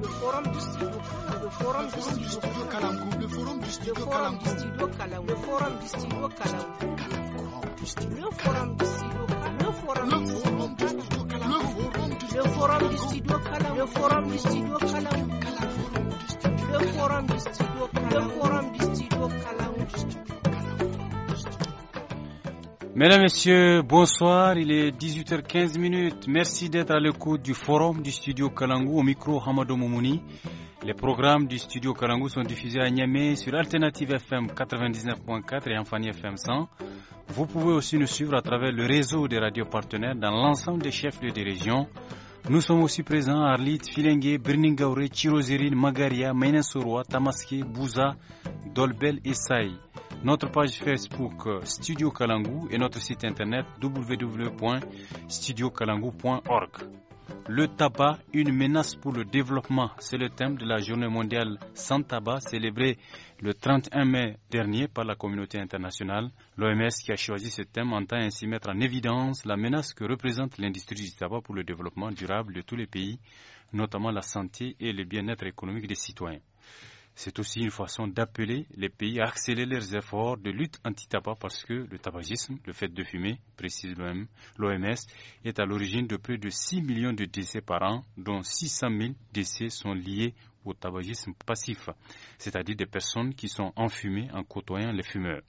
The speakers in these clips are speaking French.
le forum du studio le le forum du studio Kalamgou le forum du studio Kalamgou le forum du studio le le forum du studio Kalamgou Mesdames, Messieurs, bonsoir. Il est 18h15 minutes. Merci d'être à l'écoute du forum du studio Kalangou au micro Hamadou Moumouni. Les programmes du studio Kalangou sont diffusés à Niamey sur Alternative FM 99.4 et Enfani FM 100. Vous pouvez aussi nous suivre à travers le réseau des radios partenaires dans l'ensemble des chefs de des régions. Nous sommes aussi présents à Arlit, Filengue, Birningaure, Chirozirine, Magaria, Mainensoroa, Tamaské, Bouza, Dolbel et Saï. Notre page Facebook euh, Studio Kalangu et notre site internet www.studiokalangu.org. Le tabac, une menace pour le développement, c'est le thème de la journée mondiale sans tabac célébrée le 31 mai dernier par la communauté internationale. L'OMS, qui a choisi ce thème, entend ainsi mettre en évidence la menace que représente l'industrie du tabac pour le développement durable de tous les pays, notamment la santé et le bien-être économique des citoyens. C'est aussi une façon d'appeler les pays à accélérer leurs efforts de lutte anti-tabac parce que le tabagisme, le fait de fumer, précise même l'OMS, est à l'origine de plus de 6 millions de décès par an, dont 600 000 décès sont liés au tabagisme passif, c'est-à-dire des personnes qui sont enfumées en côtoyant les fumeurs.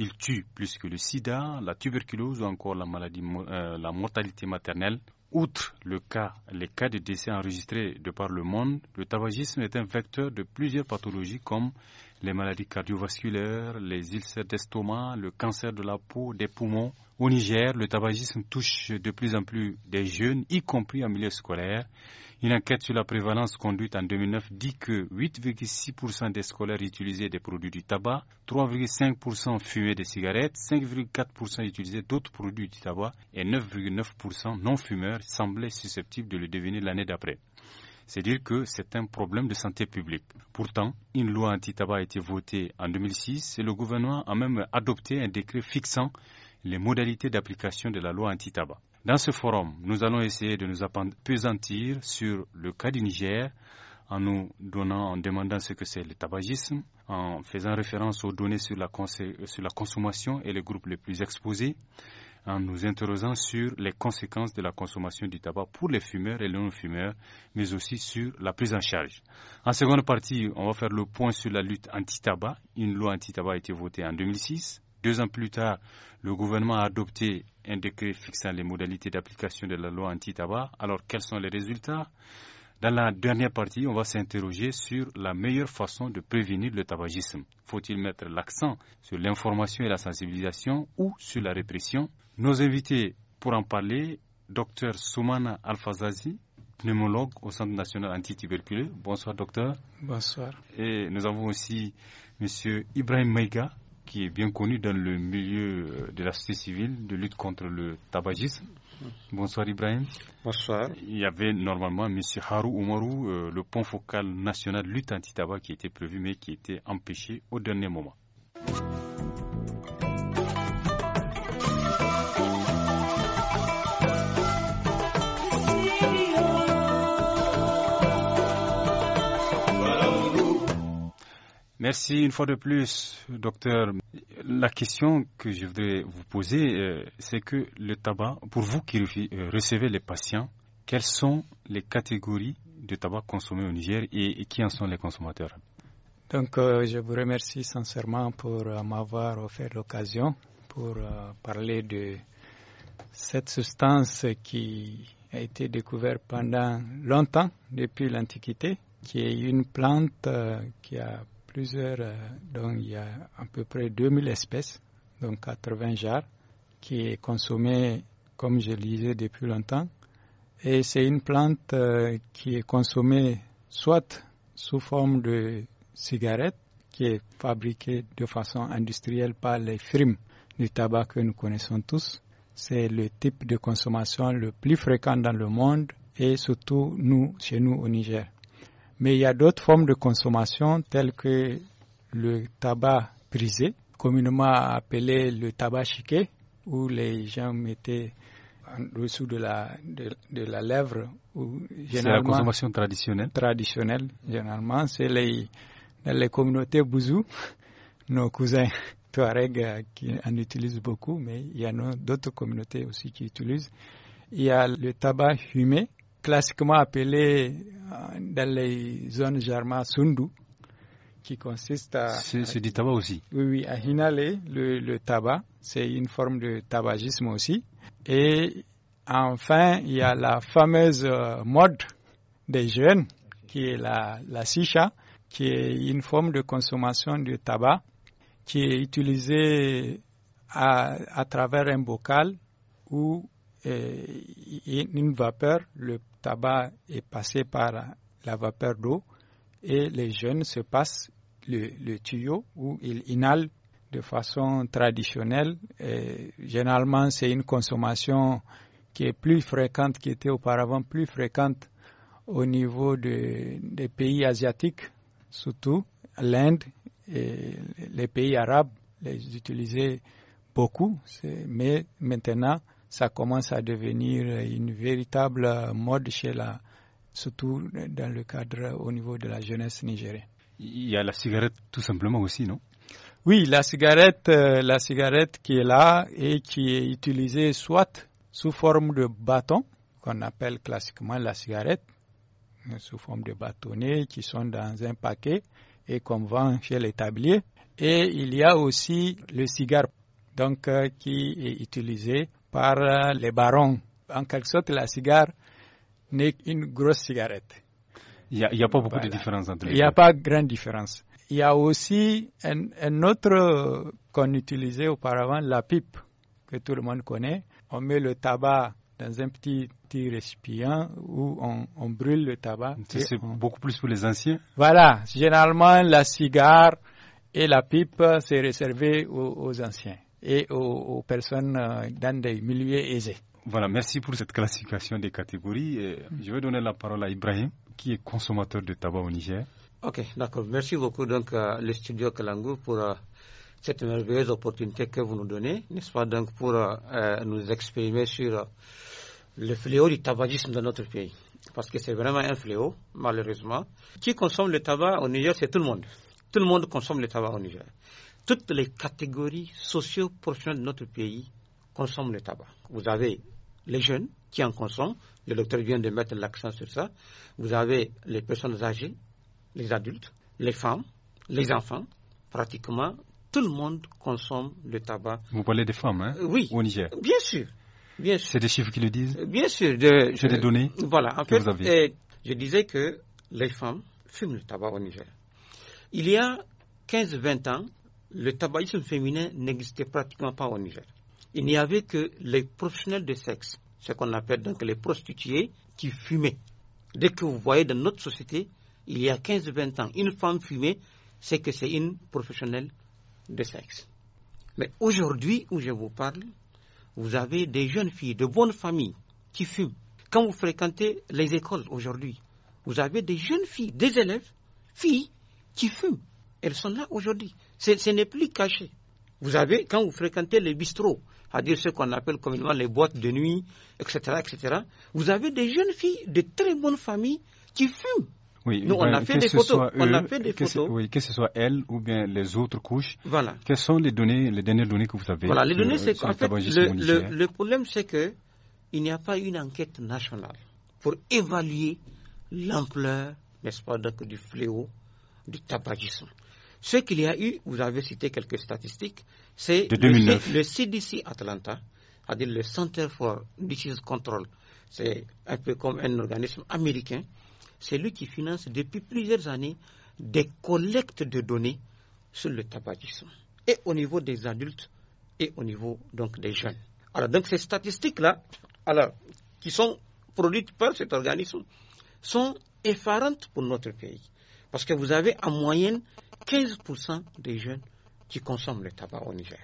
Il tue plus que le sida, la tuberculose ou encore la, maladie, euh, la mortalité maternelle Outre le cas, les cas de décès enregistrés de par le monde, le tabagisme est un vecteur de plusieurs pathologies comme les maladies cardiovasculaires, les ulcères d'estomac, le cancer de la peau, des poumons. Au Niger, le tabagisme touche de plus en plus des jeunes, y compris en milieu scolaire. Une enquête sur la prévalence conduite en 2009 dit que 8,6% des scolaires utilisaient des produits du tabac, 3,5% fumaient des cigarettes, 5,4% utilisaient d'autres produits du tabac et 9,9% non-fumeurs semblaient susceptibles de le devenir l'année d'après. C'est dire que c'est un problème de santé publique. Pourtant, une loi anti-tabac a été votée en 2006 et le gouvernement a même adopté un décret fixant les modalités d'application de la loi anti-tabac. Dans ce forum, nous allons essayer de nous appesantir sur le cas du Niger en nous donnant, en demandant ce que c'est le tabagisme, en faisant référence aux données sur la, sur la consommation et les groupes les plus exposés, en nous interrogeant sur les conséquences de la consommation du tabac pour les fumeurs et les non-fumeurs, mais aussi sur la prise en charge. En seconde partie, on va faire le point sur la lutte anti-tabac. Une loi anti-tabac a été votée en 2006. Deux ans plus tard, le gouvernement a adopté un décret fixant les modalités d'application de la loi anti-tabac. Alors, quels sont les résultats Dans la dernière partie, on va s'interroger sur la meilleure façon de prévenir le tabagisme. Faut-il mettre l'accent sur l'information et la sensibilisation ou sur la répression nos invités pour en parler, docteur Soumana Alfazazi, pneumologue au Centre national anti-tuberculeux. Bonsoir, docteur. Bonsoir. Et nous avons aussi monsieur Ibrahim Meiga, qui est bien connu dans le milieu euh, de la société civile de lutte contre le tabagisme. Bonsoir Ibrahim. Bonsoir. Il y avait normalement M. Harou Oumarou, euh, le pont focal national de lutte anti-tabac qui était prévu mais qui était empêché au dernier moment. Merci une fois de plus, docteur. La question que je voudrais vous poser, euh, c'est que le tabac, pour vous qui euh, recevez les patients, quelles sont les catégories de tabac consommé au Niger et qui en sont les consommateurs donc, euh, je vous remercie sincèrement pour m'avoir offert l'occasion pour parler de cette substance qui a été découverte pendant longtemps, depuis l'Antiquité, qui est une plante qui a plusieurs, euh, donc il y a à peu près 2000 espèces, donc 80 jars, qui est consommée, comme je lisais depuis longtemps. Et c'est une plante euh, qui est consommée soit sous forme de cigarette, qui est fabriquée de façon industrielle par les firmes du tabac que nous connaissons tous. C'est le type de consommation le plus fréquent dans le monde et surtout nous, chez nous au Niger. Mais il y a d'autres formes de consommation telles que le tabac brisé, communément appelé le tabac chiqué, où les gens mettaient en dessous de la, de, la lèvre. C'est la consommation traditionnelle Traditionnelle, généralement. C'est les, dans les communautés bouzou, nos cousins Touareg euh, qui en utilisent beaucoup, mais il y en a d'autres communautés aussi qui utilisent. Il y a le tabac fumé, classiquement appelé euh, dans les zones germanes sundu, qui consiste à. C'est du tabac aussi. Oui, oui, à inhaler le, tabac, c'est une forme de tabagisme aussi. Et enfin, il y a la fameuse euh, mode des jeunes, qui est la, la sisha, qui est une forme de consommation de tabac qui est utilisée à, à travers un bocal ou euh, une vapeur, le tabac est passé par la vapeur d'eau et les jeunes se passent le, tuyau où ils inhalent de façon traditionnelle. généralement, c'est une consommation qui est plus fréquente, qui était auparavant plus fréquente au niveau des pays asiatiques, surtout l'Inde et les pays arabes les utilisaient beaucoup, mais maintenant ça commence à devenir une véritable mode chez la, surtout dans le cadre au niveau de la jeunesse nigérienne. Il y a la cigarette tout simplement aussi, non Oui, la cigarette, euh, la cigarette qui est là et qui est utilisée soit sous forme de bâton, qu'on appelle classiquement la cigarette, euh, sous forme de bâtonnets qui sont dans un paquet et qu'on vend chez les Et il y a aussi le cigare, donc euh, qui est utilisé par euh, les barons. En quelque sorte, la cigare n'est qu'une grosse cigarette. Il n'y a, pas beaucoup de différence entre les deux. Il n'y a pas grande différence. Il y a aussi un, autre qu'on utilisait auparavant, la pipe, que tout le monde connaît. On met le tabac dans un petit, petit récipient où on, brûle le tabac. C'est beaucoup plus pour les anciens Voilà. Généralement, la cigare et la pipe, c'est réservé aux anciens et aux, personnes euh, dans des milieux aisés. Voilà, merci pour cette classification des catégories. je vais donner la parole à Ibrahim, qui est consommateur de tabac au Niger. Ok, d'accord. Merci beaucoup donc à le studio Kalangu pour euh, cette merveilleuse opportunité que vous nous donnez, n'est-ce pas, donc pour euh, nous exprimer sur le fléau du tabagisme dans notre pays. Parce que c'est vraiment un fléau, malheureusement. Qui consomme le tabac au Niger, c'est tout le monde. Tout le monde consomme le tabac au Niger toutes les catégories socio-professionnelles de notre pays consomment le tabac. Vous avez les jeunes qui en consomment, le docteur vient de mettre l'accent sur ça. Vous avez les personnes âgées, les adultes, les femmes, les enfants, pratiquement tout le monde consomme le tabac. Vous parlez des femmes, hein Oui. Au Niger Bien sûr. Bien sûr. C'est des chiffres qui le disent Bien sûr. C'est des données Voilà. En fait, euh, je disais que les femmes fument le tabac au Niger. Il y a 15-20 ans, le tabagisme féminin n'existait pratiquement pas au Niger. Il n'y avait que les professionnels de sexe, ce qu'on appelle donc les prostituées, qui fumaient. Dès que vous voyez dans notre société, il y a 15-20 ans, une femme fumée, c'est que c'est une professionnelle de sexe. Mais aujourd'hui, où je vous parle, vous avez des jeunes filles de bonnes familles qui fument. Quand vous fréquentez les écoles aujourd'hui, vous avez des jeunes filles, des élèves, filles, qui fument elles sont là aujourd'hui. Ce n'est plus caché. Vous avez, quand vous fréquentez les bistrots, à dire ce qu'on appelle communément les boîtes de nuit, etc., etc., vous avez des jeunes filles de très bonnes familles qui fument. Oui, on, a fait des photos, que Oui, ce soit elles ou bien les autres couches. Voilà. Quelles sont les données, les dernières données que vous avez Voilà, les données, c'est qu'en fait, le, problème, c'est que il n'y a pas une enquête nationale pour évaluer l'ampleur, n'est-ce pas, donc, du fléau du tabagisme. Ce qu'il y a eu, vous avez cité quelques statistiques, c'est le, CDC Atlanta, c'est-à-dire le Center for Disease Control. C'est un peu comme un organisme américain. C'est lui qui finance depuis plusieurs années des collectes de données sur le tabagisme, et au niveau des adultes et au niveau donc des jeunes. Alors donc ces statistiques-là, alors qui sont produites par cet organisme, sont effarantes pour notre pays. Parce que vous avez en moyenne 15% des jeunes qui consomment le tabac au Niger.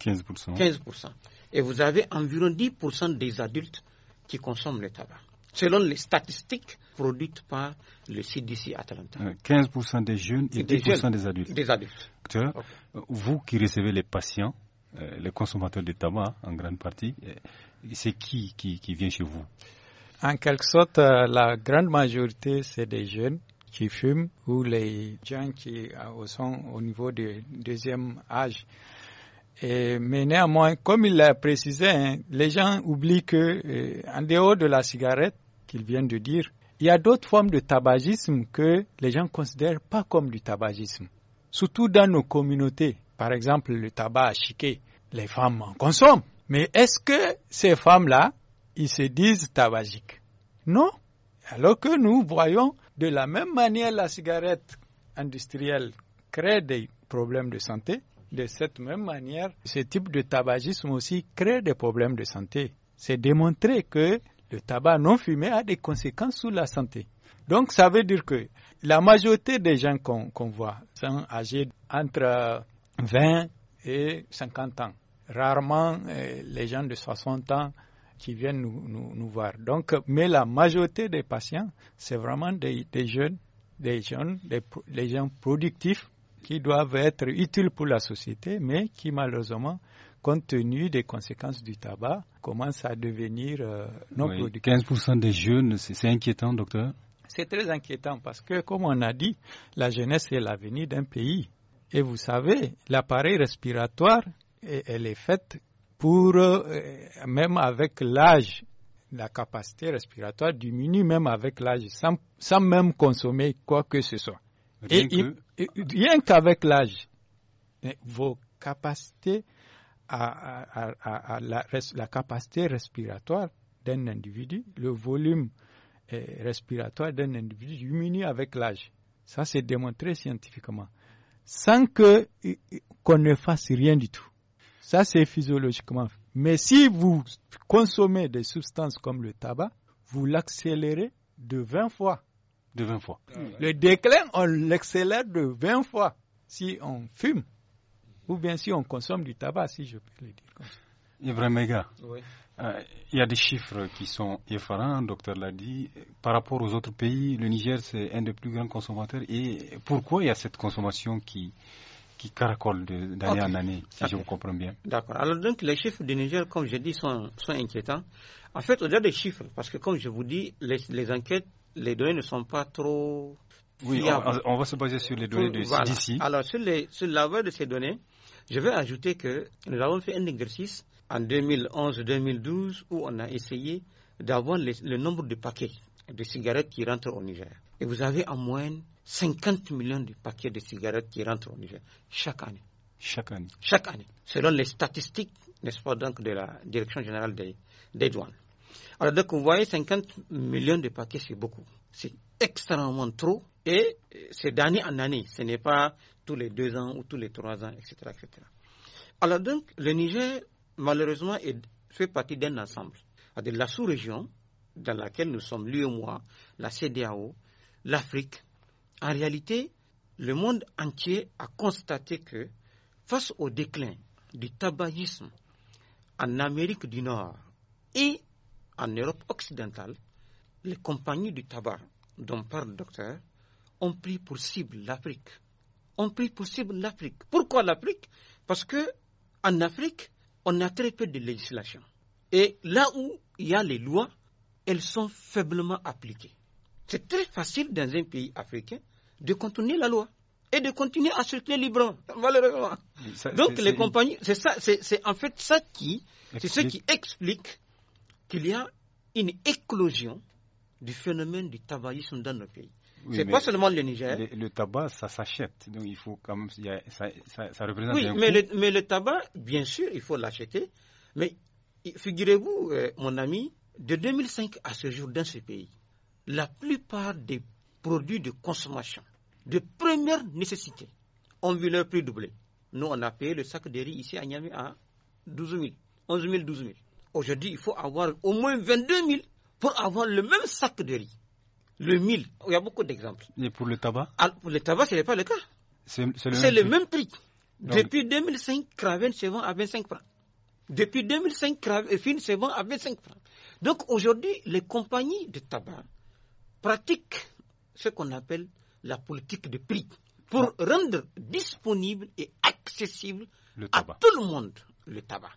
15%. 15%. Et vous avez environ 10% des adultes qui consomment le tabac, selon les statistiques produites par le CDC Atlanta. 15% des jeunes et 10% des adultes. Des adultes. Docteur, Vous qui recevez les patients, euh, les consommateurs de tabac en grande partie, euh, c'est qui qui vient chez vous En quelque sorte, euh, la grande majorité, c'est des jeunes qui fument ou les gens qui euh, sont au niveau du deuxième âge. Et, mais néanmoins, comme il l'a précisé, hein, les gens oublient que, euh, en dehors de la cigarette qu'il vient de dire, il y a d'autres formes de tabagisme que les gens considèrent pas comme du tabagisme. Surtout dans nos communautés. Par exemple, le tabac à Les femmes en consomment. Mais est-ce que ces femmes-là, ils se disent tabagiques? Non. Alors que nous voyons de la même manière, la cigarette industrielle crée des problèmes de santé. De cette même manière, ce type de tabagisme aussi crée des problèmes de santé. C'est démontré que le tabac non fumé a des conséquences sur la santé. Donc, ça veut dire que la majorité des gens qu'on voit sont âgés entre 20 et 50 ans. Rarement, euh, les gens de 60 ans qui viennent nous, voir. Donc, mais la majorité des patients, c'est vraiment des, jeunes, des jeunes, des, gens productifs qui doivent être utiles pour la société, mais qui malheureusement compte tenu des conséquences du tabac, commencent à devenir euh, non productifs. 15% des jeunes, c'est inquiétant, docteur C'est très inquiétant parce que, comme on a dit, la jeunesse est l'avenir d'un pays. Et vous savez, l'appareil respiratoire, elle est faite pour, euh, même avec l'âge, la capacité respiratoire diminue même avec l'âge, sans, même consommer quoi que ce soit. Rien qu'avec l'âge, vos capacités à, la, capacité respiratoire d'un individu, le volume euh, respiratoire d'un individu diminue avec l'âge. Ça, c'est démontré scientifiquement. Sans que qu'on ne fasse rien du tout. Ça, c'est physiologiquement. Mais si vous consommez des substances comme le tabac, vous l'accélérez de 20 fois. De 20 fois. Ah le déclin, on l'accélère de 20 fois si on fume ou bien si on consomme du tabac, si je peux le dire comme ça. oui. Euh, il y a des chiffres qui sont effarants, le docteur l'a dit. Par rapport aux autres pays, le Niger, c'est un des plus grands consommateurs. Et pourquoi il y a cette consommation qui, qui caracole d'année en année, si je vous comprends bien. D'accord. Alors donc les chiffres du Niger, comme je dis, sont, sont inquiétants. En fait, au-delà des chiffres, parce que comme je vous dis, les, enquêtes, les données ne sont pas trop... Oui, on, va se baser sur les données d'ici. Alors sur, la sur de ces données, je vais ajouter que nous avons fait un exercice en 2011-2012 où on a essayé d'avoir le nombre de paquets de cigarettes qui rentrent au Niger. Et vous avez en moyenne 50 millions de paquets de cigarettes qui rentrent au Niger chaque année. Chaque année. Chaque année. Selon les statistiques, n'est-ce pas, donc, de la Direction générale des, douanes. Alors, donc, vous voyez, 50 millions de paquets, c'est beaucoup. C'est extrêmement trop. Et euh, c'est d'année en année. Ce n'est pas tous les deux ans ou tous les trois ans, etc. etc. Alors, donc, le Niger, malheureusement, fait partie d'un ensemble. De la sous-région, dans laquelle nous sommes, moi, la CDAO, l'Afrique, en réalité, le monde entier a constaté que face au déclin du tabagisme en Amérique du Nord et en Europe occidentale, les compagnies du tabac dont parle le docteur ont pris pour cible l'Afrique. Ont pris pour cible l'Afrique. Pourquoi l'Afrique Parce que en Afrique, on a très peu de législation. Et là où il y a les lois, elles sont faiblement appliquées. C'est très facile dans un pays africain de contourner la loi et de continuer à circuler librement, malheureusement. Donc les compagnies, c'est en fait ça qui, c'est ce qui explique qu'il y a une éclosion du phénomène du tabagisme dans nos pays. Ce c'est pas seulement le Niger. Le, tabac, ça s'achète. Donc il faut quand même. Ça, représente. Oui, mais, Le, mais le tabac, bien sûr, il faut l'acheter. Mais figurez-vous, euh, mon ami, de 2005 à ce jour dans ce pays, la plupart des produits de consommation de première nécessité ont vu leur prix doubler. Nous, on a payé le sac de riz ici à Niamey à 12 000, 11 000, 12 000. Aujourd'hui, il faut avoir au moins 22 000 pour avoir le même sac de riz. Le 1000, il y a beaucoup d'exemples. Et pour le tabac ah, Pour le tabac, ce n'est pas le cas. C'est le, même prix. Depuis 2005, Craven se vend à 25 francs. Depuis 2005, Craven se vend à 25 francs. Donc aujourd'hui, les compagnies de tabac pratique ce qu'on appelle la politique de prix pour rendre disponible et accessible à tout le monde le tabac.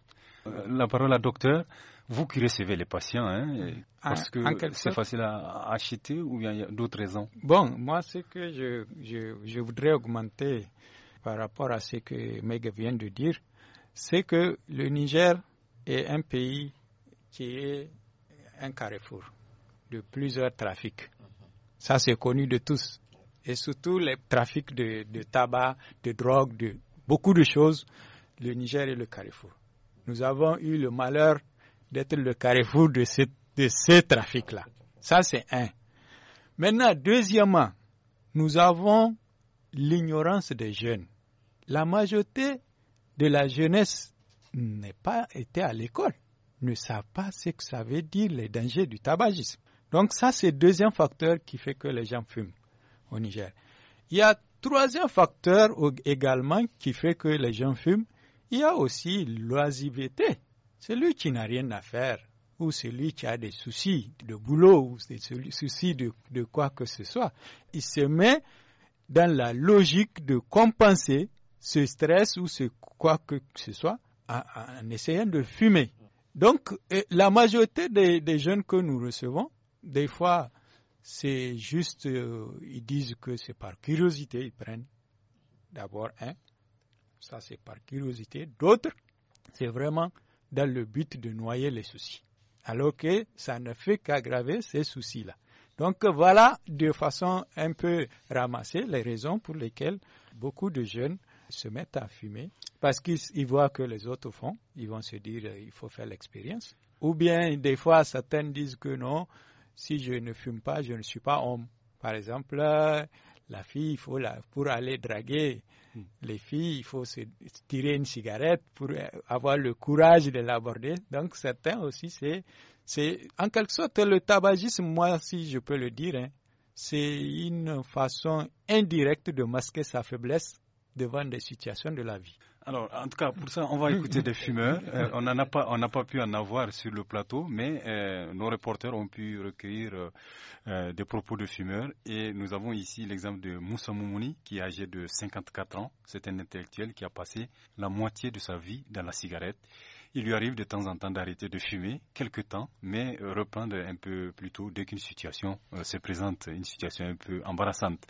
Euh, la parole à docteur. Vous qui recevez les patients, hein, ah, parce que c'est facile à acheter ou il y a d'autres raisons Bon, moi, ce que je, voudrais augmenter par rapport à ce que Meg vient de dire, c'est que le Niger est un pays qui est un carrefour de plusieurs trafics. Uh-huh. Ça, c'est connu de tous. Et surtout les trafics de, tabac, de drogue, de beaucoup de choses, le Niger et le carrefour. Nous avons eu le malheur d'être le carrefour de ces de ces trafics là Ça, c'est un. Maintenant, deuxièmement, nous avons l'ignorance des jeunes. La majorité de la jeunesse n'est pas été à l'école, ne savent pas ce que ça veut dire les dangers du tabagisme. Donc ça, c'est le deuxième facteur qui fait que les gens fument au Niger. Il y a troisième facteur également qui fait que les gens fument. Il y a aussi l'oisiveté. Celui qui n'a rien à faire ou celui qui a des soucis de boulot ou des soucis de, de quoi que ce soit, il se met dans la logique de compenser ce stress ou ce quoi que ce soit en, essayant de fumer. Donc, euh, la majorité des jeunes que nous recevons des fois, c'est juste, euh, ils disent que c'est par curiosité, ils prennent d'abord un, ça c'est par curiosité, d'autres, c'est vraiment dans le but de noyer les soucis, alors que ça ne fait qu'aggraver ces soucis-là. Donc voilà de façon un peu ramassée les raisons pour lesquelles beaucoup de jeunes se mettent à fumer parce qu'ils voient que les autres font, ils vont se dire euh, il faut faire l'expérience. Ou bien des fois certains disent que non, si je ne fume pas, je ne suis pas homme. Par exemple, la fille, il faut pour aller draguer hmm. les filles, il faut se tirer une cigarette pour avoir le courage de l'aborder. Donc certains aussi, c'est, en quelque sorte le tabagisme, moi si je peux le dire, hein, c'est une façon indirecte de masquer sa faiblesse devant des situations de la vie. Alors, en tout cas, pour ça, on va écouter des fumeurs. Euh, on n'a pas, pas pu en avoir sur le plateau, mais euh, nos reporters ont pu recueillir euh, des propos de fumeurs. Et nous avons ici l'exemple de Moussa Moumouni, qui est âgé de 54 ans. C'est un intellectuel qui a passé la moitié de sa vie dans la cigarette. Il lui arrive de temps en temps d'arrêter de fumer, quelques temps, mais reprendre un peu plus tôt dès qu'une situation se présente, une situation un peu embarrassante.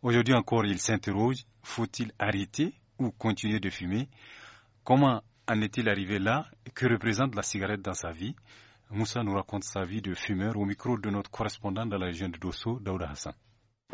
Aujourd'hui encore, il s'interroge, faut-il arrêter ou continuer de fumer. Comment en est-il arrivé là Que représente la cigarette dans sa vie Moussa nous raconte sa vie de fumeur au micro de notre correspondant dans la région de Dosso, Daouda Hassan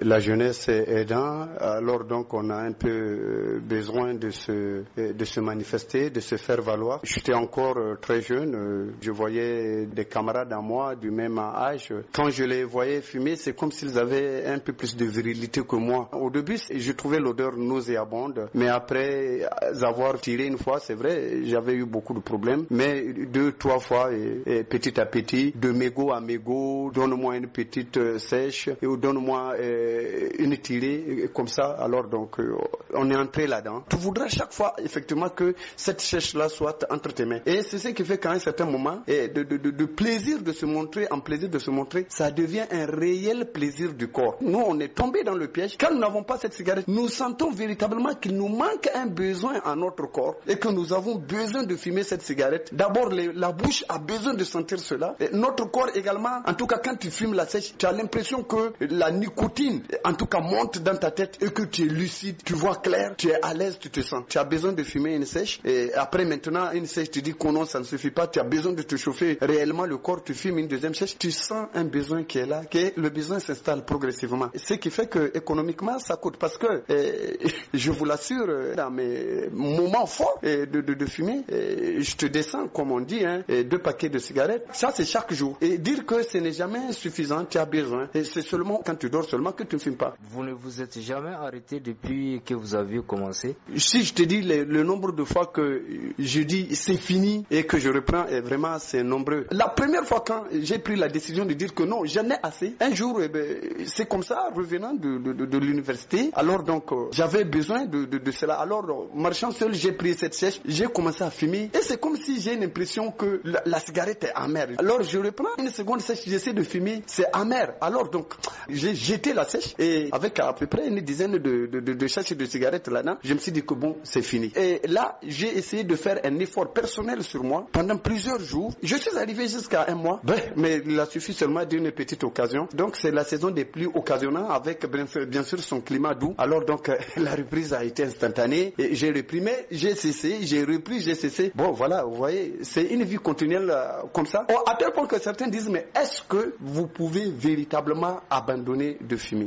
la jeunesse est aidant, alors donc on a un peu euh, besoin de se, euh, de se manifester, de se faire valoir. J'étais encore euh, très jeune, je voyais des camarades à moi du même âge. Quand je les voyais fumer, c'est comme s'ils avaient un peu plus de virilité que moi. Au début, je trouvais l'odeur nauséabonde, mais après avoir tiré une fois, c'est vrai, j'avais eu beaucoup de problèmes, mais deux, trois fois, et, petit à petit, de mégot à mégot, donne-moi une petite sèche, et donne-moi... Euh, une tirée euh, comme ça. Alors donc, euh, on est entré là-dedans. Tu voudras chaque fois effectivement que cette sèche là soit entre tes mains. Et c'est ce qui fait qu'à un certain moment, et de, de, de, plaisir de se montrer en plaisir de se montrer, ça devient un réel plaisir du corps. Nous, on est tombé dans le piège. Quand nous n'avons pas cette cigarette, nous sentons véritablement qu'il nous manque un besoin à notre corps et que nous avons besoin de fumer cette cigarette. D'abord, la bouche a besoin de sentir cela. Et notre corps également, en tout cas quand tu fumes la sèche, tu as l'impression que la nicotine en tout cas, monte dans ta tête et que tu es lucide, tu vois clair, tu es à l'aise, tu te sens. Tu as besoin de fumer une sèche et après maintenant une sèche, tu dis qu'on non, ça ne suffit pas. Tu as besoin de te chauffer réellement le corps, tu fumes une deuxième sèche. Tu sens un besoin qui est là, que le besoin s'installe progressivement. Ce qui fait que économiquement, ça coûte parce que, euh, je vous l'assure, euh, dans mes moments forts euh, de, de, fumer, je te descends, comme on dit, hein, deux paquets de cigarettes. Ça, c'est chaque jour. Et dire que ce n'est jamais suffisant, tu as besoin. Et c'est seulement quand tu dors seulement que tu ne fumes pas. Vous ne vous êtes jamais arrêté depuis que vous avez commencé Si je te dis le, nombre de fois que je dis c'est fini et que je reprends, est eh, vraiment c'est nombreux. La première fois quand j'ai pris la décision de dire que non, j'en ai assez, un jour, eh ben, c'est comme ça, revenant de, de, l'université, alors donc euh, j'avais besoin de, cela. Alors, euh, marchant seul, j'ai pris cette sèche, j'ai commencé à fumer et c'est comme si j'ai l'impression que la, cigarette est amère. Alors je reprends une seconde sèche, j'essaie de fumer, c'est amer. Alors donc, j'ai jeté la et avec à peu près une dizaine de, de, de, cigarettes là-dedans, je me suis dit que bon, c'est fini. Et là, j'ai essayé de faire un effort personnel sur moi pendant plusieurs jours. Je suis arrivé jusqu'à un mois, mais il a suffi seulement d'une petite occasion. Donc c'est la saison des plus occasionnantes avec bien sûr son climat doux. Alors donc la reprise a été instantanée. et J'ai mais j'ai cessé, j'ai repris, j'ai cessé. Bon voilà, vous voyez, c'est une vie continuelle euh, comme ça. Oh, à tel point que certains disent mais est-ce que vous pouvez véritablement abandonner de fumer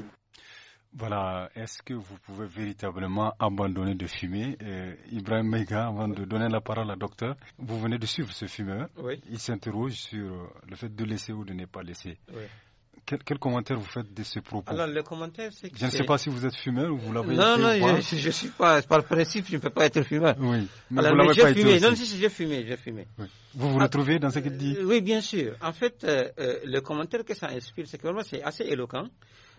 voilà, est-ce que vous pouvez véritablement abandonner de fumer euh, Ibrahim Meiga, avant de donner la parole au docteur, vous venez de suivre ce fumeur. Oui. Il s'interroge sur le fait de laisser ou de ne pas laisser. Oui. Quel, commentaire vous faites de ce propos Alors, le commentaire, c'est que. Je ne sais pas si vous êtes fumeur ou vous euh, l'avez Non, non, je ne suis pas. Par principe, je ne peux pas être fumeur. Oui. Mais Alors, vous l'avez pas fumé. non, si, si, j'ai fumé, j'ai fumé. Oui. Vous vous ah, retrouvez dans ce qu'il dit euh, Oui, bien sûr. En fait, le commentaire que ça inspire, c'est que vraiment, c'est assez éloquent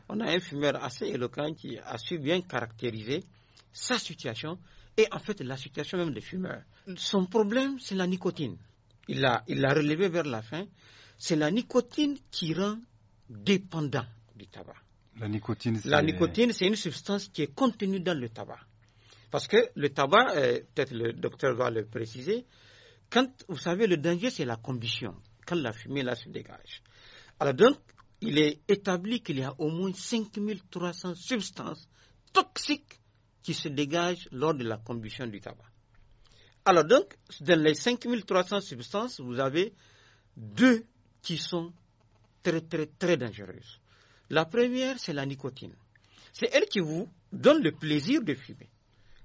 on a un fumeur assez éloquent qui a su bien caractériser sa situation et en fait la situation même des fumeurs. Mm. Son problème, c'est la nicotine. Il l'a il relevé vers la fin. C'est la nicotine qui rend dépendant du tabac. La nicotine, c'est... La nicotine, c'est une substance qui est contenue dans le tabac. Parce que le tabac, euh, peut-être le docteur va le préciser, quand vous savez, le danger, c'est la combustion, quand la fumée là se dégage. Alors donc, il est établi qu'il y a au moins 5300 substances toxiques qui se dégagent lors de la combustion du tabac. Alors donc, dans les 5300 substances, vous avez deux qui sont très très très dangereuses. La première, c'est la nicotine. C'est elle qui vous donne le plaisir de fumer.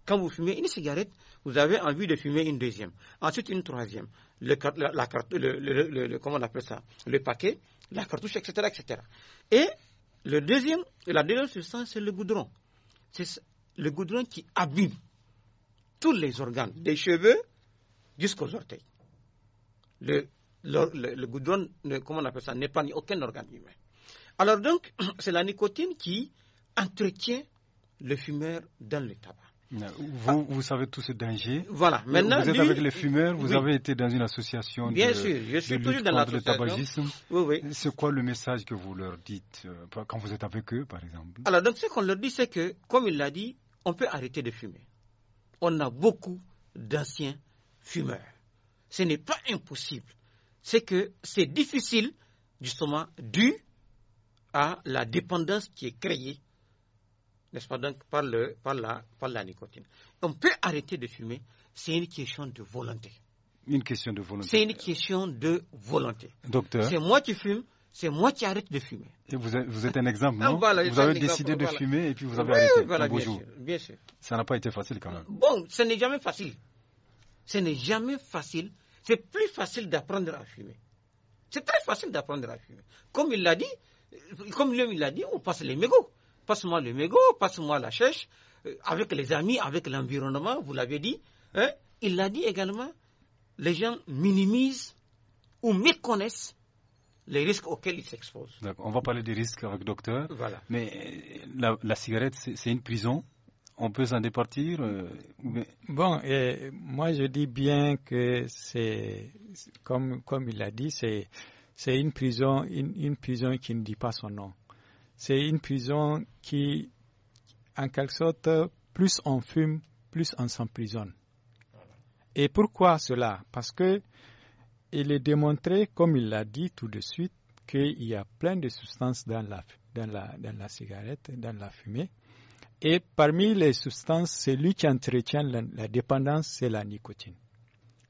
Quand vous fumez une cigarette, vous avez envie de fumer une deuxième, ensuite une troisième, le, le comment on appelle ça, le paquet, la cartouche, etc., Et le deuxième, la deuxième substance, c'est le goudron. C'est le goudron qui abîme tous les organes, des cheveux jusqu'aux orteils. Le, le, goudron, comment on appelle ça, n'épargne aucun organe humain. Alors donc, c'est la nicotine qui entretient le fumeur dans le tabac. Euh, ah. Vous, savez tous ce danger, vous êtes avec les fumeurs, vous avez été dans une association de, sûr, contre le tabagisme. C'est quoi le message que vous leur dites euh, quand vous êtes avec eux, par exemple Alors, donc, ce qu'on leur dit, c'est que, comme il l'a dit, on peut arrêter de fumer. On a beaucoup d'anciens fumeurs. Ce n'est pas impossible. C'est que c'est difficile, justement, dû à la dépendance qui est créée n'est-ce pas, donc par, la, nicotine. On peut arrêter de fumer, c'est une question de volonté. Une question de volonté. C'est une question de volonté. Docteur. C'est moi qui fume, c'est moi qui arrête de fumer. vous, êtes un exemple, ah, non Vous avez décidé de fumer et puis vous avez oui, arrêté. Oui, bien sûr, Ça n'a pas été facile quand même. Bon, ce n'est jamais facile. Ce n'est jamais facile. C'est plus facile d'apprendre à fumer. C'est très facile d'apprendre à fumer. Comme il l'a dit, comme lui il l'a dit, on passe les mégots passe-moi le mégot, passe-moi la chèche, euh, avec les amis, avec l'environnement, vous l'avez dit. Hein. Il l'a dit également, les gens minimisent ou méconnaissent les risques auxquels ils s'exposent. On va parler des risques avec le docteur. Mais euh, la, cigarette, c'est une prison. On peut s'en départir. Euh, bon, moi je dis bien que c'est, comme, il l'a dit, c'est, une prison, une prison qui ne dit pas son nom c'est une prison qui, en quelque sorte, plus on fume, plus on s'emprisonne. Et pourquoi cela Parce que il est démontré, comme il l'a dit tout de suite, qu'il y a plein de substances dans la, dans la, dans la cigarette, dans la fumée. Et parmi les substances, celui qui entretient la, la dépendance, c'est la nicotine.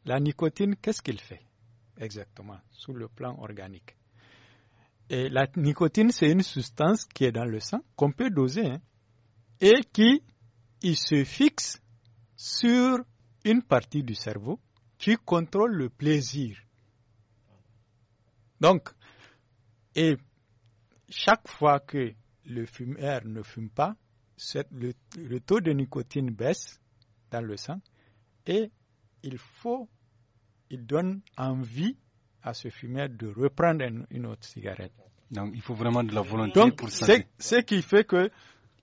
La nicotine, qu'est-ce qu'il fait exactement sur le plan organique et la nicotine, c'est une substance qui est dans le sang, qu'on peut doser, hein, et qui il se fixe sur une partie du cerveau qui contrôle le plaisir. Donc, et chaque fois que le fumeur ne fume pas, le, le taux de nicotine baisse dans le sang et il faut, il donne envie à ce fumer, de reprendre une, autre cigarette. Donc il faut vraiment de la volonté Donc, pour ça. Ce qui fait que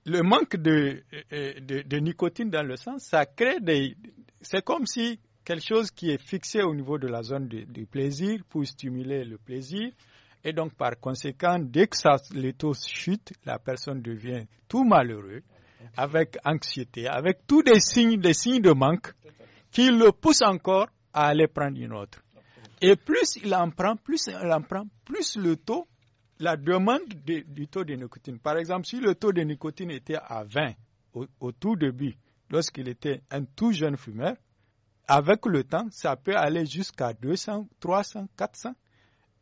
le manque euh, euh, de, de, nicotine dans le sang, ça crée des. C'est comme si quelque chose qui est fixé au niveau de la zone du plaisir pour stimuler le plaisir. Et donc, par conséquent, dès que ça, les taux chutent, la personne devient tout malheureux, avec anxiété, avec tous des signes, des signes de manque qui le poussent encore à aller prendre une autre. Et plus il en prend, plus il en prend, plus le taux, la demande du taux de nicotine. Par exemple, si le taux de nicotine était à 20 au, au tout début, lorsqu'il était un tout jeune fumeur, avec le temps, ça peut aller jusqu'à 200, 300, 400.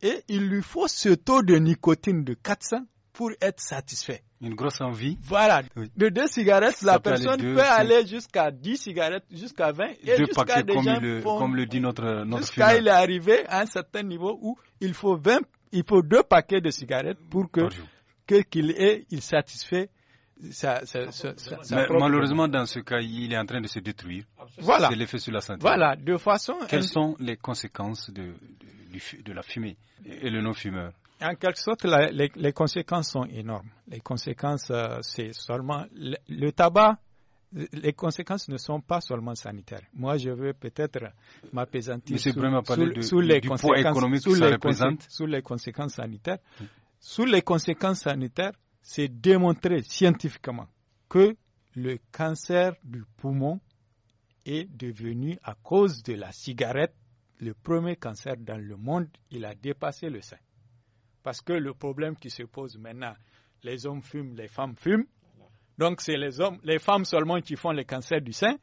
Et il lui faut ce taux de nicotine de 400 pour être satisfait. Une grosse envie. Voilà. De deux cigarettes, la personne peut aller jusqu'à 10 cigarettes, jusqu'à 20. deux paquets, comme, le, dit notre, Jusqu'à il est arrivé à un certain niveau où il faut 20, il faut deux paquets de cigarettes pour que, qu'il ait, il satisfait malheureusement, dans ce cas, il est en train de se détruire. Voilà. C'est l'effet sur la santé. Voilà, de façon. Quelles sont les conséquences de, de la fumée et le non-fumeur en quelque sorte, les, conséquences sont énormes. Les conséquences, euh, c'est seulement le, tabac. Les conséquences ne sont pas seulement sanitaires. Moi, je veux peut-être m'apaisantir sur, les sur les, conséquences sanitaires. Sous les conséquences sanitaires, c'est démontré scientifiquement que le cancer du poumon est devenu, à cause de la cigarette, le premier cancer dans le monde. Il a dépassé le sein. Parce que le problème qui se pose maintenant, les hommes fument, les femmes fument. Donc c'est les hommes, les femmes seulement qui font le cancer du sein.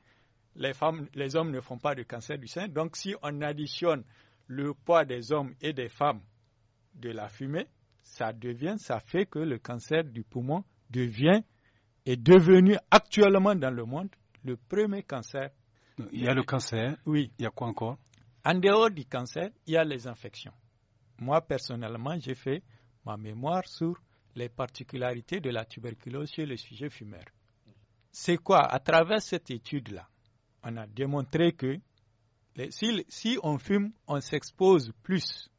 Les femmes, les hommes ne font pas de cancer du sein. Donc si on additionne le poids des hommes et des femmes de la fumée, ça devient, ça fait que le cancer du poumon devient est devenu actuellement dans le monde le premier cancer. Il y a le cancer. Oui. Il y a quoi encore En dehors du cancer, il y a les infections moi personnellement, j'ai fait ma mémoire sur les particularités de la tuberculose chez les sujets fumeurs. C'est quoi À travers cette étude-là, on a démontré que si, si on fume, on s'expose plus.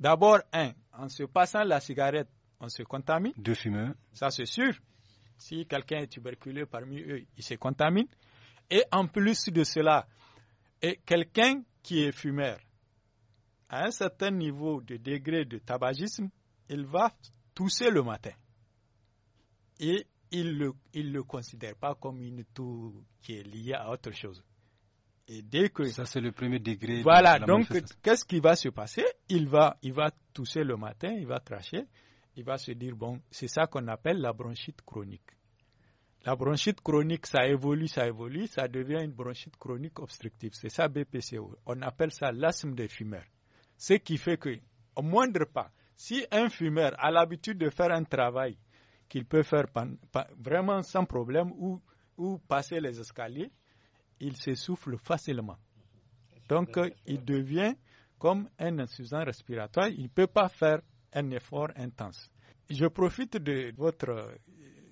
D'abord, un, en se passant la cigarette, on se contamine. Deux fumeurs. Ça, c'est sûr. Si quelqu'un est tuberculeux parmi eux, il se contamine. Et en plus de cela, quelqu'un qui est fumeur, à un certain niveau de degré de tabagisme, il va tousser le matin. Et il ne le, considère pas comme une toux qui est liée à autre chose. Et dès que ça c'est le premier degré. Voilà, donc qu'est-ce qui va se passer Il va il va tousser le matin, il va cracher, il va se dire bon, c'est ça qu'on appelle la bronchite chronique. La bronchite chronique, ça évolue, ça évolue, ça devient une bronchite chronique obstructive. C'est ça BPCO. On appelle ça l'asthme des fumeurs. Ce qui fait que, moindre pas, si un fumeur a l'habitude de faire un travail qu'il peut faire vraiment sans problème ou, ou passer les escaliers, il s'essouffle facilement. Donc, euh, il devient comme un insuffisant respiratoire. Il ne peut pas faire un effort intense. Je profite de votre euh,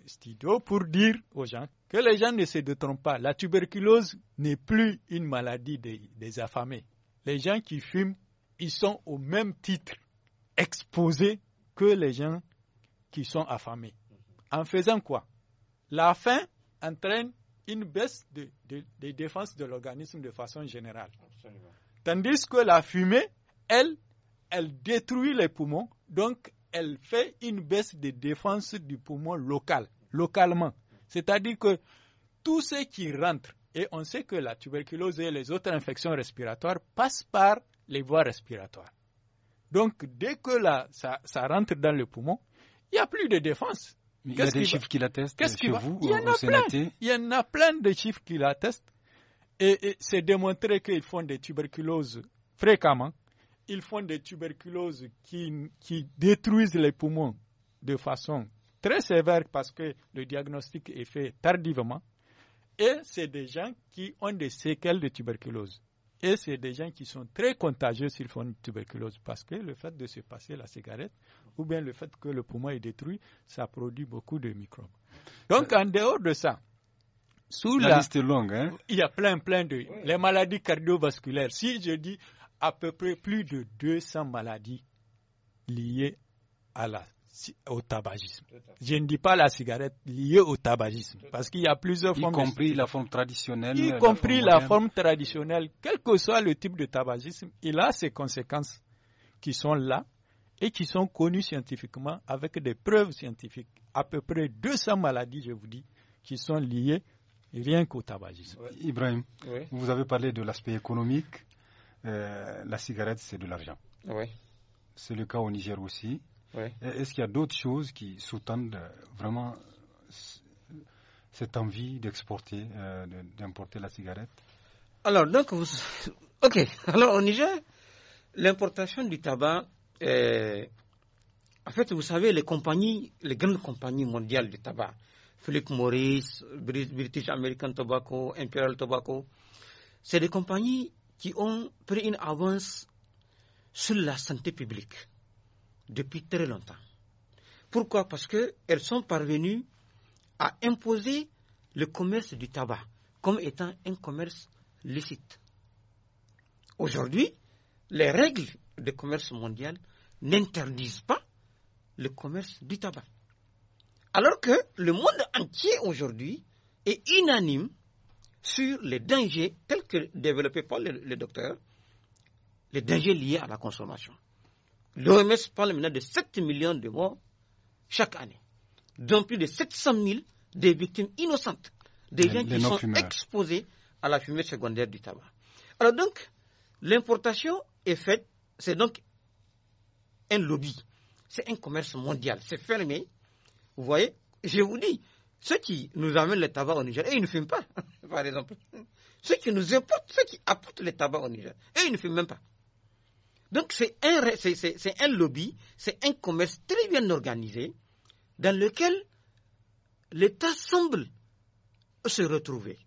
studio pour dire aux gens que les gens ne se détrompent pas. La tuberculose n'est plus une maladie des affamés. Les gens qui fument ils sont au même titre exposés que les gens qui sont affamés. En faisant quoi La faim entraîne une baisse des défenses de l'organisme de façon générale. Tandis que la fumée, elle, elle détruit les poumons, donc elle fait une baisse des défenses du poumon local, localement. C'est-à-dire que tout ce qui rentre, et on sait que la tuberculose et les autres infections respiratoires passent par les voies respiratoires. Donc, dès que ça, rentre dans le poumon, il n'y a plus de défense. Il y a des chiffres qui l'attestent Qu'est-ce que vous, il y en a plein. Il y en a plein de chiffres qui l'attestent. Et, c'est démontré qu'ils font des tuberculoses fréquemment. Ils font des tuberculoses qui détruisent les poumons de façon très sévère parce que le diagnostic est fait tardivement. Et c'est des gens qui ont des séquelles de tuberculose. Et c'est des gens qui sont très contagieux s'ils font une tuberculose parce que le fait de se passer la cigarette ou bien le fait que le poumon est détruit, ça produit beaucoup de microbes. Donc euh, en dehors de ça, sous la, hein. il y a plein, plein de... Les maladies cardiovasculaires, si je dis à peu près plus de 200 maladies liées à la au tabagisme. Je ne dis pas la cigarette liée au tabagisme, parce qu'il y a plusieurs formes. Y compris la forme traditionnelle. Y compris la forme, traditionnelle. Quel que soit le type de tabagisme, il a ses conséquences qui sont là et qui sont connues scientifiquement avec des preuves scientifiques. À peu près 200 maladies, je vous dis, qui sont liées rien qu'au tabagisme. Ibrahim, vous avez parlé de l'aspect économique. Euh, la cigarette, c'est de l'argent. Oui. C'est le cas au Niger aussi. Est-ce qu'il y a d'autres choses qui sous euh, vraiment cette envie d'exporter, euh, d'importer la cigarette Alors, donc, vous... ok. Alors, au Niger, l'importation du tabac, euh, en fait, vous savez, les compagnies, les grandes compagnies mondiales du tabac, Philip Morris, British American Tobacco, Imperial Tobacco, c'est des compagnies qui ont pris une avance sur la santé publique depuis très longtemps. Pourquoi Parce qu'elles sont parvenues à imposer le commerce du tabac comme étant un commerce licite. Aujourd'hui, les règles de commerce mondial n'interdisent pas le commerce du tabac. Alors que le monde entier aujourd'hui est unanime sur les dangers tels que développés par le, le docteur, les dangers liés à la consommation. L'OMS parle maintenant de 7 millions de morts chaque année, dont plus de 700 000 des victimes innocentes, des gens qui sont exposés à la fumée secondaire du tabac. Alors donc, l'importation est faite, c'est donc un lobby, c'est un commerce mondial, c'est fermé. Vous voyez, je vous dis, ceux qui nous amènent le tabac au Niger, et ils ne fument pas, par exemple. Ceux qui nous importent, ceux qui apportent le tabac au Niger, et ils ne fument même pas. Donc c'est un, c'est un lobby, c'est un commerce très bien organisé dans lequel l'État semble se retrouver.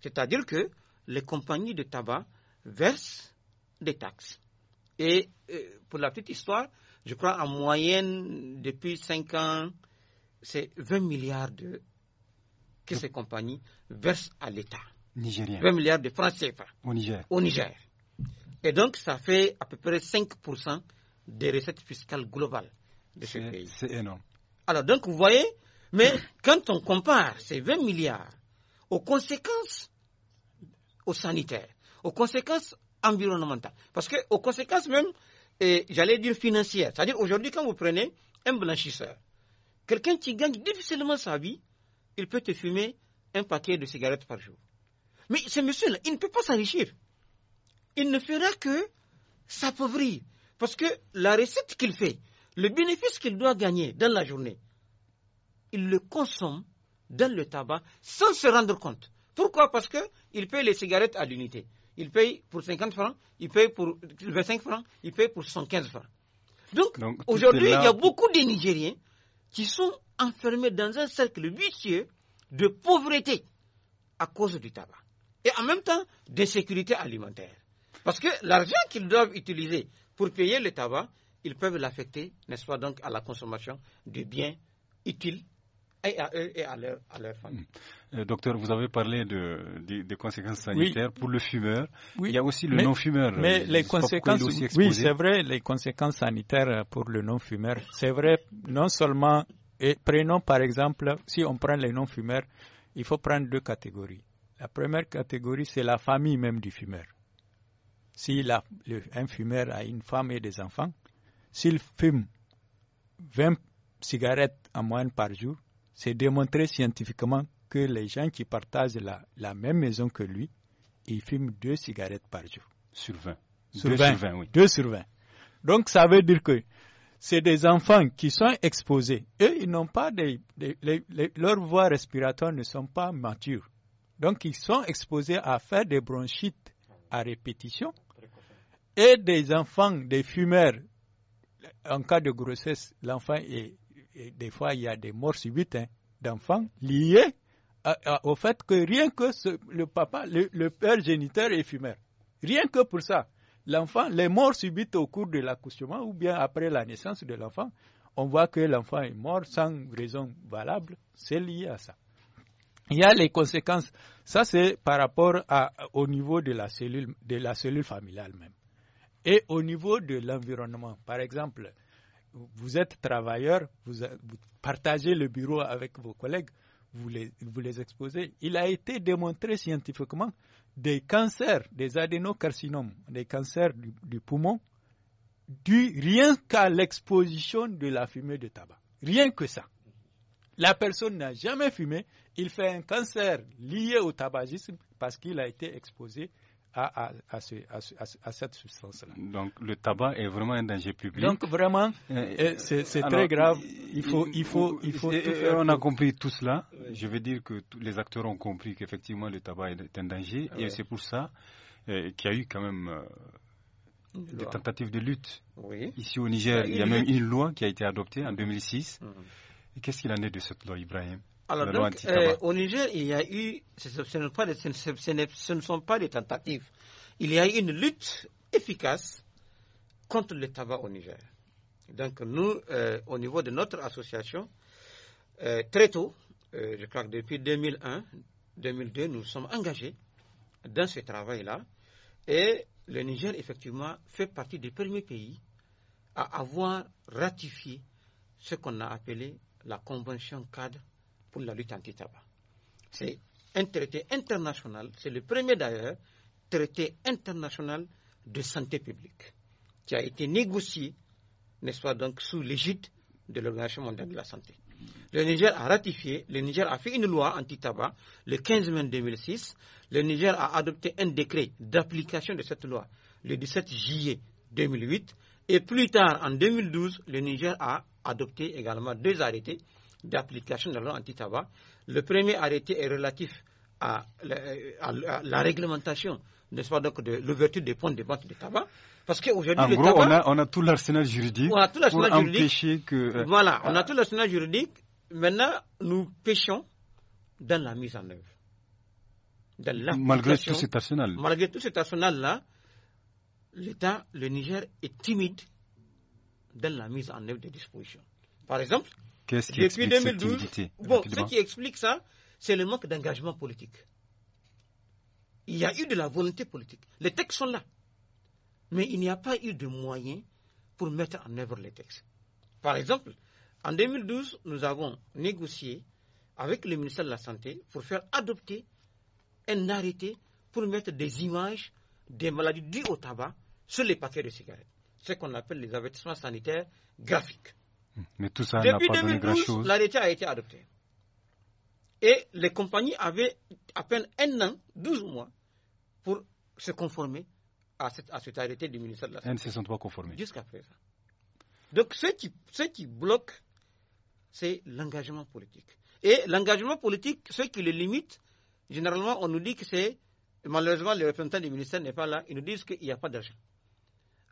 C'est-à-dire que les compagnies de tabac versent des taxes. Et euh, pour la petite histoire, je crois en moyenne, depuis 5 ans, c'est 20 milliards de, que ces compagnies versent à l'État. 20 milliards de francs CFA. Au Niger. Au Niger. Et donc, ça fait à peu près 5% des recettes fiscales globales de ce pays. C'est énorme. Alors, donc, vous voyez, mais quand on compare ces 20 milliards aux conséquences aux sanitaires, aux conséquences environnementales, parce que aux conséquences même, j'allais dire financières, c'est-à-dire aujourd'hui, quand vous prenez un blanchisseur, quelqu'un qui gagne difficilement sa vie, il peut te fumer un paquet de cigarettes par jour. Mais ce monsieur-là, il ne peut pas s'enrichir il ne fera que s'appauvrir. Parce que la recette qu'il fait, le bénéfice qu'il doit gagner dans la journée, il le consomme dans le tabac sans se rendre compte. Pourquoi Parce qu'il paye les cigarettes à l'unité. Il paye pour 50 francs, il paye pour 25 francs, il paye pour 115 francs. Donc, aujourd'hui, il y a beaucoup de Nigériens qui sont enfermés dans un cercle vicieux de pauvreté à cause du tabac. Et en même temps, d'insécurité alimentaire. Parce que l'argent qu'ils doivent utiliser pour payer le tabac, ils peuvent l'affecter, n'est-ce pas, donc à la consommation de biens utiles et à eux et à leur, à famille. Hmm. Euh, docteur, vous avez parlé de, des conséquences sanitaires pour le fumeur. Il y a aussi le non-fumeur. Euh, mais, les conséquences, oui, c'est vrai, les conséquences sanitaires euh, pour le non-fumeur, c'est vrai, non seulement, et prenons par exemple, si on prend les non-fumeurs, il faut prendre deux catégories. La première catégorie, c'est la famille même du fumeur si un fumeur a une femme et des enfants, s'il fume 20 cigarettes en moyenne par jour, c'est démontré scientifiquement que les gens qui partagent la, même maison que lui, ils fument deux cigarettes par jour. Sur 20. Sur 20, oui. 2 sur 20. Donc ça veut dire que c'est des enfants qui sont exposés. Eux, ils n'ont pas des, leurs voies respiratoires ne sont pas matures. Donc ils sont exposés à faire des bronchites à répétition et des enfants des fumeurs. En cas de grossesse, l'enfant est, des fois il y a des morts subites hein, d'enfants liés au fait que rien que ce, le papa, père géniteur est fumeur. Rien que pour ça, l'enfant, les morts subites au cours de l'accouchement ou bien après la naissance de l'enfant, on voit que l'enfant est mort sans raison valable, c'est lié à ça. Il y a les conséquences. Ça, c'est par rapport à, au niveau de la cellule, de la cellule familiale même. Et au niveau de l'environnement, par exemple, vous êtes travailleur, vous, partagez le bureau avec vos collègues, vous les, exposez. Il a été démontré scientifiquement des cancers, des adénocarcinomes, des cancers du, du poumon, du, rien qu'à l'exposition de la fumée de tabac. Rien que ça. La personne n'a jamais fumé, il fait un cancer lié au tabagisme parce qu'il a été exposé à, à, cette substance-là. Donc le tabac est vraiment un danger public. Donc vraiment, euh, euh, c'est très grave. Il faut, il faut, il faut. on a compris tout cela. Je veux dire que tous les acteurs ont compris qu'effectivement le tabac est un danger et c'est pour ça euh, qu'il y a eu quand même. des tentatives de lutte. Ici au Niger, il y a même une loi qui a été adoptée en 2006. Hum. Et Qu'est-ce qu'il en est de cette loi, Ibrahim alors donc, euh, au Niger, il y a eu, ce, ne, sont pas des tentatives, il y a eu une lutte efficace contre le tabac au Niger. Donc nous, euh, au niveau de notre association, euh, très tôt, je crois que depuis 2001, 2002, nous sommes engagés dans ce travail-là. Et le Niger, effectivement, fait partie des premiers pays à avoir ratifié ce qu'on a appelé la Convention cadre pour la lutte anti-tabac. C'est un traité international, c'est le premier d'ailleurs, traité international de santé publique, qui a été négocié, n'est-ce pas, donc sous l'égide de l'Organisation mondiale de la santé. Le Niger a ratifié, le Niger a fait une loi anti-tabac le 15 mai 2006, le Niger a adopté un décret d'application de cette loi le 17 juillet 2008, et plus tard, en 2012, le Niger a adopté également deux arrêtés d'application de la loi anti-tabac. Le premier arrêté est relatif à la, réglementation, n'est-ce pas, de l'ouverture des points de vente de tabac. Parce qu'aujourd'hui, le tabac, on, a, on a, tout l'arsenal juridique pour empêcher que... Euh, voilà, on a euh, tout l'arsenal juridique. Maintenant, nous pêchons dans la mise en œuvre. malgré tout cet arsenal. Malgré tout cet arsenal-là, l'État, le Niger est timide dans la mise en œuvre des dispositions. Par exemple, depuis explique 2012, bon, ce qui explique ça, c'est le manque d'engagement politique. Il y a eu de la volonté politique. Les textes sont là. Mais il n'y a pas eu de moyens pour mettre en œuvre les textes. Par exemple, en 2012, nous avons négocié avec le ministère de la Santé pour faire adopter un arrêté pour mettre des images des maladies dues au tabac sur les paquets de cigarettes. Ce qu'on appelle les avertissements sanitaires graphiques. Mais tout ça Depuis pas 2012, l'arrêté a été adopté. Et les compagnies avaient à peine un an, 12 mois, pour se conformer à, cette, cet arrêté du ministère de la Santé. Elles ne se sont pas conformées. Jusqu'à présent. Donc ce qui, bloque, c'est l'engagement politique. Et l'engagement politique, ce qui le limite, généralement, on nous dit que c'est. Malheureusement, le représentant du ministère n'est pas là. Ils nous disent qu'il n'y a pas d'argent.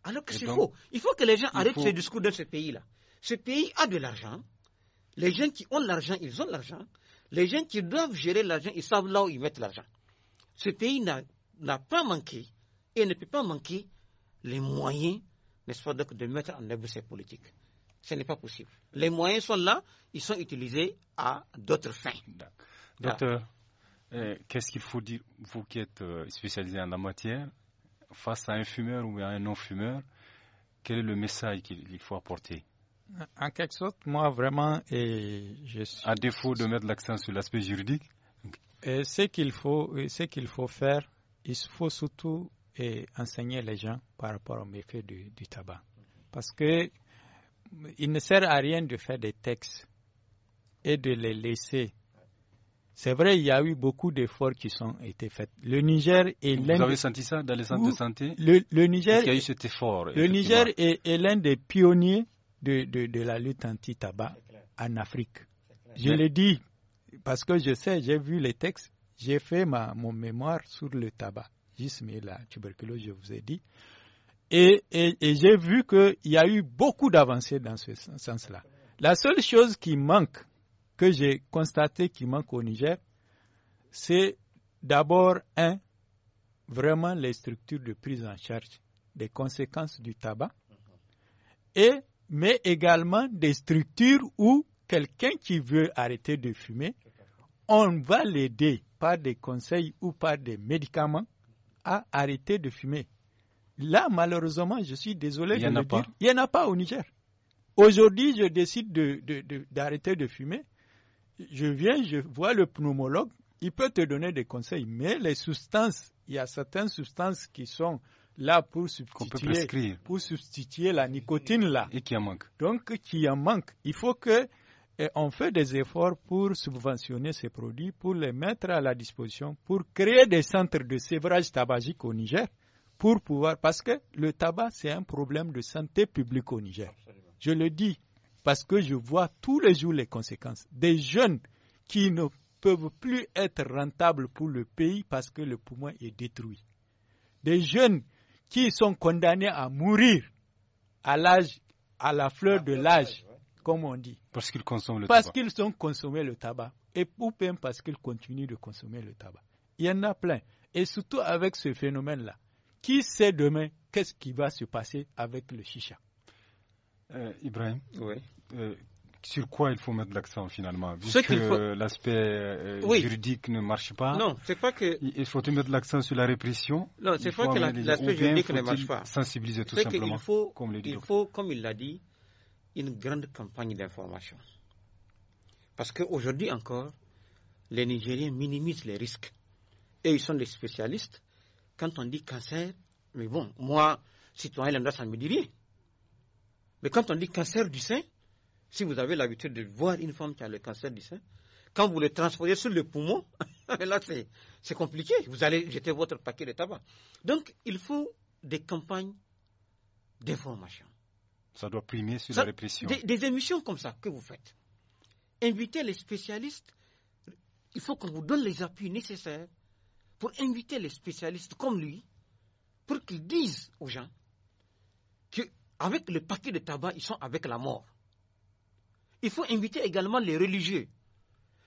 Alors que c'est faux. Il faut que les gens arrêtent ce discours dans ce pays-là. Ce pays a de l'argent. Les gens qui ont l'argent, ils ont l'argent. Les gens qui doivent gérer l'argent, ils savent là où ils mettent l'argent. Ce pays n'a pas manqué et ne peut pas manquer les moyens, n'est-ce pas, de mettre en œuvre ces politiques. Ce n'est pas possible. Les moyens sont là, ils sont utilisés à d'autres fins. Docteur, euh, qu'est-ce qu'il faut dire, vous qui êtes euh, spécialisé en la matière, face à un fumeur ou à un non-fumeur, quel est le message qu'il faut apporter en quelque sorte, moi vraiment, et je suis... À défaut de mettre l'accent sur l'aspect juridique et Ce qu'il faut, qu'il faut faire, il faut surtout enseigner les gens par rapport au méfait du, tabac. Parce que il ne sert à rien de faire des textes et de les laisser. C'est vrai, il y a eu beaucoup d'efforts qui sont été faits. Le Niger est l'un. Vous avez senti ça dans les centres de santé le, Niger. eu cet effort. Le Niger est l'un des pionniers de, de, de la lutte anti-tabac en Afrique. Je l'ai dis parce que je sais, j'ai vu les textes, j'ai fait ma, mon mémoire sur le tabac, juste mais la tuberculose, je vous ai dit. Et, et, et j'ai vu qu'il y a eu beaucoup d'avancées dans ce sens-là. La seule chose qui manque, que j'ai constaté qui manque au Niger, c'est d'abord, un, vraiment les structures de prise en charge des conséquences du tabac mm-hmm. et mais également des structures où quelqu'un qui veut arrêter de fumer, on va l'aider par des conseils ou par des médicaments à arrêter de fumer. Là, malheureusement, je suis désolé de le dire, il n'y en a pas au Niger. Aujourd'hui, je décide d'arrêter de, de fumer. Je viens, je vois le pneumologue, il peut te donner des conseils, mais les substances, il y a certaines substances qui sont là pour substituer, pour substituer la nicotine là. Et qui en manque. Donc, qui en manque. Il faut que et eh, on fait des efforts pour subventionner ces produits, pour les mettre à la disposition, pour créer des centres de sévrage tabagique au Niger, pour pouvoir, parce que le tabac, c'est un problème de santé publique au Niger. Je le dis parce que je vois tous les jours les conséquences. Des jeunes qui ne peuvent plus être rentables pour le pays parce que le poumon est détruit. Des jeunes qui sont condamnés à mourir à l'âge, à la fleur de ah, l'âge, comme on dit. Parce qu'ils consomment le tabac. Parce qu'ils ont consommé le tabac. Et ou même parce qu'ils continuent de consommer le tabac. Il y en a plein. Et surtout avec ce phénomène-là. Qui sait demain qu'est-ce qui va se passer avec le chicha euh, Ibrahim, oui. Euh, sur quoi il faut mettre l'accent finalement Vu que l'aspect euh, juridique ne marche pas. Non, c'est pas que. Il faut mettre l'accent sur la répression. Non, c'est pas que l'aspect juridique ne marche pas. Sensibiliser tout simplement. Il faut, comme il faut, comme il l'a dit, une grande campagne d'information. Parce qu'aujourd'hui encore, les Nigériens minimisent les risques. Et ils sont des spécialistes. Quand on dit cancer, mais bon, moi, citoyen lambda, ça ne me dit rien. Mais quand on dit cancer du sein, si vous avez l'habitude de voir une femme qui a le cancer du sein, quand vous le transportez sur le poumon, là c'est compliqué. Vous allez jeter votre paquet de tabac. Donc il faut des campagnes d'information. Ça doit primer sur la répression. Des, des, émissions comme ça que vous faites. Invitez les spécialistes. Il faut qu'on vous donne les appuis nécessaires pour inviter les spécialistes comme lui, pour qu'ils disent aux gens qu'avec le paquet de tabac, ils sont avec la mort il faut inviter également les religieux.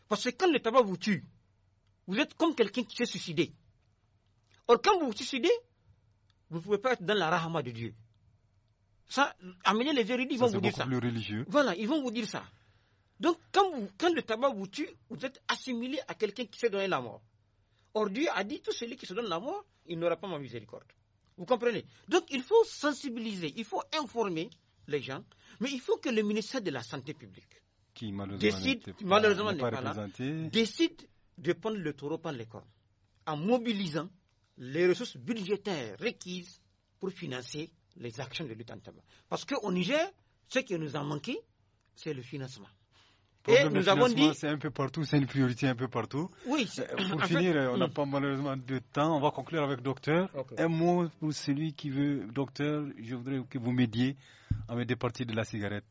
Parce que quand le tabac vous tue, vous êtes comme quelqu'un qui s'est suicidé. Or, quand vous vous suicidez, vous ne pouvez pas être dans la rahama de Dieu. Ça, amener les érudits, ils vont vous dire ça. Voilà, ils vont vous dire ça. Donc, quand, quand le tabac vous tue, vous êtes assimilé à quelqu'un qui s'est donné la mort. Or, Dieu a dit, tout celui qui se donne la mort, il n'aura pas ma miséricorde. Vous comprenez Donc, il faut sensibiliser, il faut informer, les gens, mais il faut que le ministère de la Santé publique, décide, pas, de prendre le taureau par les cornes en mobilisant les ressources budgétaires requises pour financer les actions de lutte anti-tabac. Parce qu'au Niger, ce qui nous a manqué, c'est le financement et nous avons dit. C'est un peu partout, c'est une priorité un peu partout. Oui. Euh, pour finir, on n'a hmm. pas malheureusement de temps. On va conclure avec docteur. Un mot pour celui qui veut, docteur, je voudrais que vous m'aidiez à me départir de la cigarette.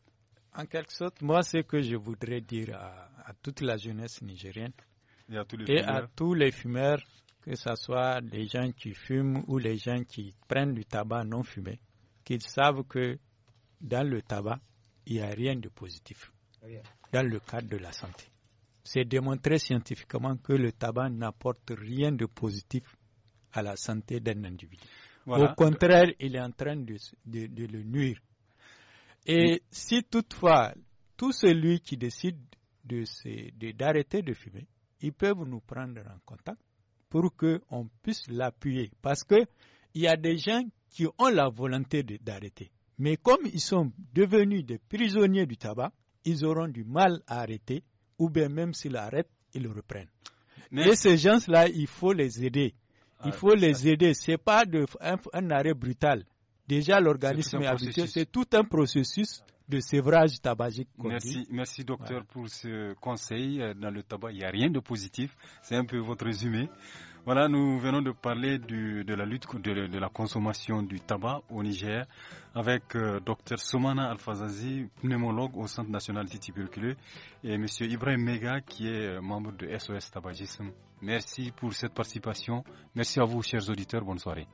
En quelque sorte, moi, ce que je voudrais dire à, toute la jeunesse nigérienne et à tous les, fumeurs. que ce soit les gens qui fument ou les gens qui prennent du tabac non fumé, qu'ils savent que dans le tabac, il n'y a rien de positif. Rien dans le cadre de la santé. C'est démontré scientifiquement que le tabac n'apporte rien de positif à la santé d'un individu. Au contraire, il est en train de, le nuire. Et si toutefois, tout celui qui décide d'arrêter de, fumer, ils peuvent nous prendre en contact pour qu'on puisse l'appuyer. Parce qu'il y a des gens qui ont la volonté d'arrêter. Mais comme ils sont devenus des prisonniers du tabac, ils auront du mal à arrêter, ou bien même s'ils arrêtent, ils le reprennent. Et ces gens-là, il faut les aider. Il ah, faut les aider. aider. n'est pas un, arrêt brutal. Déjà, l'organisme est habitué. C'est tout un processus de sévrage tabagique. Merci, merci docteur pour ce conseil. Euh, dans le tabac, il n'y a rien de positif. C'est un peu votre résumé. Voilà, nous venons de parler de la lutte de, la consommation du tabac au Niger avec euh, Dr Soumana Alfazazi, pneumologue au Centre national Tuberculose, et M. Ibrahim Mega qui est euh, membre de SOS Tabagisme. Merci pour cette participation. Merci à vous, chers auditeurs. Bonne soirée.